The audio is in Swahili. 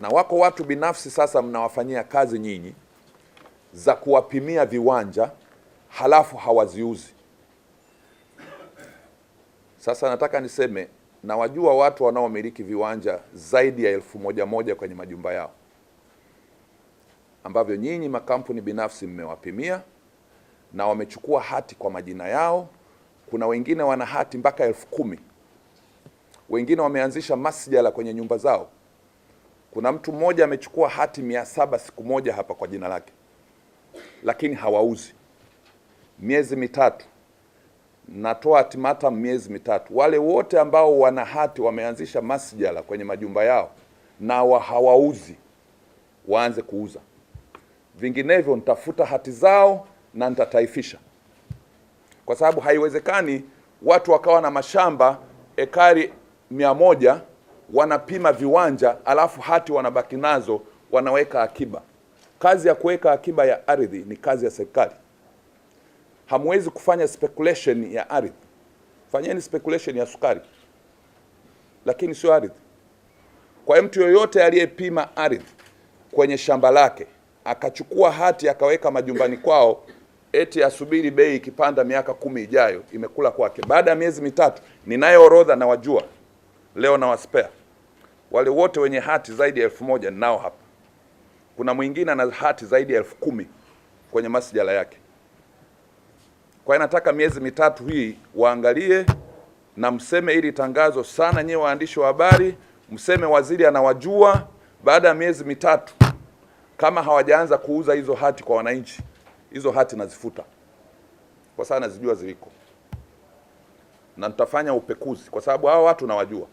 na wako watu binafsi sasa mnawafanyia kazi nyinyi za kuwapimia viwanja halafu hawaziuzi. Sasa nataka niseme, nawajua watu wanaomiliki viwanja zaidi ya elfu moja moja kwenye majumba yao ambavyo nyinyi makampuni binafsi mmewapimia na wamechukua hati kwa majina yao. Kuna wengine wana hati mpaka elfu kumi, wengine wameanzisha masjala kwenye nyumba zao kuna mtu mmoja amechukua hati mia saba siku moja hapa kwa jina lake, lakini hawauzi. Miezi mitatu natoa timata, miezi mitatu. Wale wote ambao wana hati wameanzisha masjala kwenye majumba yao na wa hawauzi, waanze kuuza, vinginevyo nitafuta hati zao na nitataifisha, kwa sababu haiwezekani watu wakawa na mashamba ekari mia moja wanapima viwanja alafu hati wanabaki nazo, wanaweka akiba. Kazi ya kuweka akiba ya ardhi ni kazi ya serikali. Hamwezi kufanya speculation ya ardhi. Fanyeni speculation ya sukari, lakini sio ardhi. Kwa hiyo mtu yoyote aliyepima ardhi kwenye shamba lake akachukua hati akaweka majumbani kwao eti asubiri bei ikipanda miaka kumi ijayo, imekula kwake. Baada ya miezi mitatu, ninayo orodha na wajua leo na waspea wale wote wenye hati zaidi ya elfu moja nao hapa. Kuna mwingine ana hati zaidi ya elfu kumi kwenye masijala yake. Kwa hiyo nataka miezi mitatu hii waangalie na mseme ili tangazo sana, nyewe waandishi wa habari, mseme waziri anawajua. Baada ya miezi mitatu kama hawajaanza kuuza hizo hati kwa wananchi, hizo hati nazifuta kwa sababu nazijua ziliko, na nitafanya upekuzi kwa sababu hao watu nawajua.